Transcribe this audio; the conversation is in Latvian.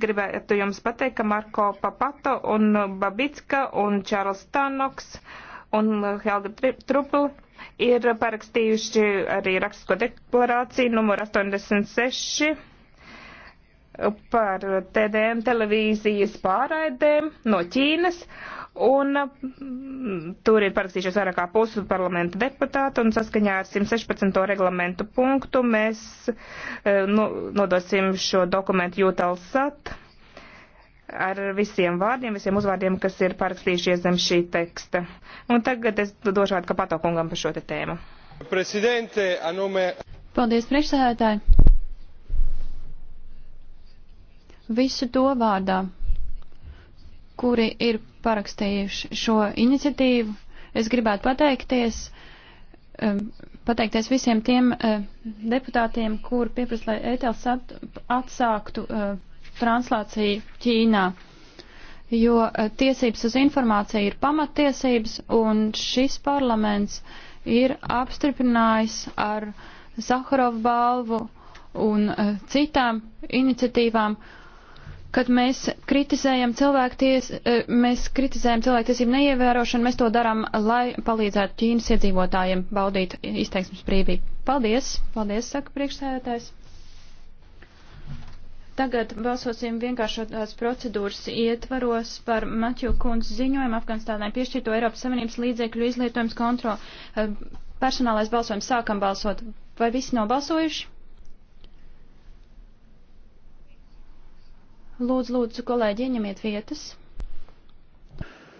gribētu jums pateikt, ka Marko Papato un Babicka un Čārls Tanoks un Helga Trupl ir parakstījuši arī rakstisko deklarāciju numur 86 par TDM televīzijas pārraidēm no Ķīnas. Un mm, tur ir parakstījušies vairāk kā pusi parlamenta deputātu, un saskaņā ar 116. reglamentu punktu mēs e, nu, nodosim šo dokumentu jūtalsat ar visiem vārdiem, visiem uzvārdiem, kas ir parakstījušies zem šī teksta. Un tagad es došu vārdu Kapato kungam par šo te tēmu. Anome... Paldies, priekšsēdētāji! Visu to vārdā, kuri ir parakstījuši šo iniciatīvu. Es gribētu pateikties, um, pateikties visiem tiem uh, deputātiem, kur pieprasa, lai ETLS atsāktu uh, translāciju Ķīnā, jo uh, tiesības uz informāciju ir pamattiesības, un šis parlaments ir apstiprinājis ar Saharov balvu un citām iniciatīvām, uh, Kad mēs kritizējam cilvēkties, e, mēs kritizējam cilvēktiesību neievērošanu, mēs to darām, lai palīdzētu Ķīnas iedzīvotājiem baudīt izteiksmes brīvību. Paldies, paldies, saka priekšsēdētājs. Tagad balsosim vienkāršotās procedūras ietvaros par Maķu kundz ziņojumu Afganistānai piešķirto Eiropas Savienības līdzekļu izlietojums kontro. E, personālais balsojums sākam balsot. Vai visi nobalsojuši? Lūdzu, lūdzu, kolēģi, ieņemiet vietas.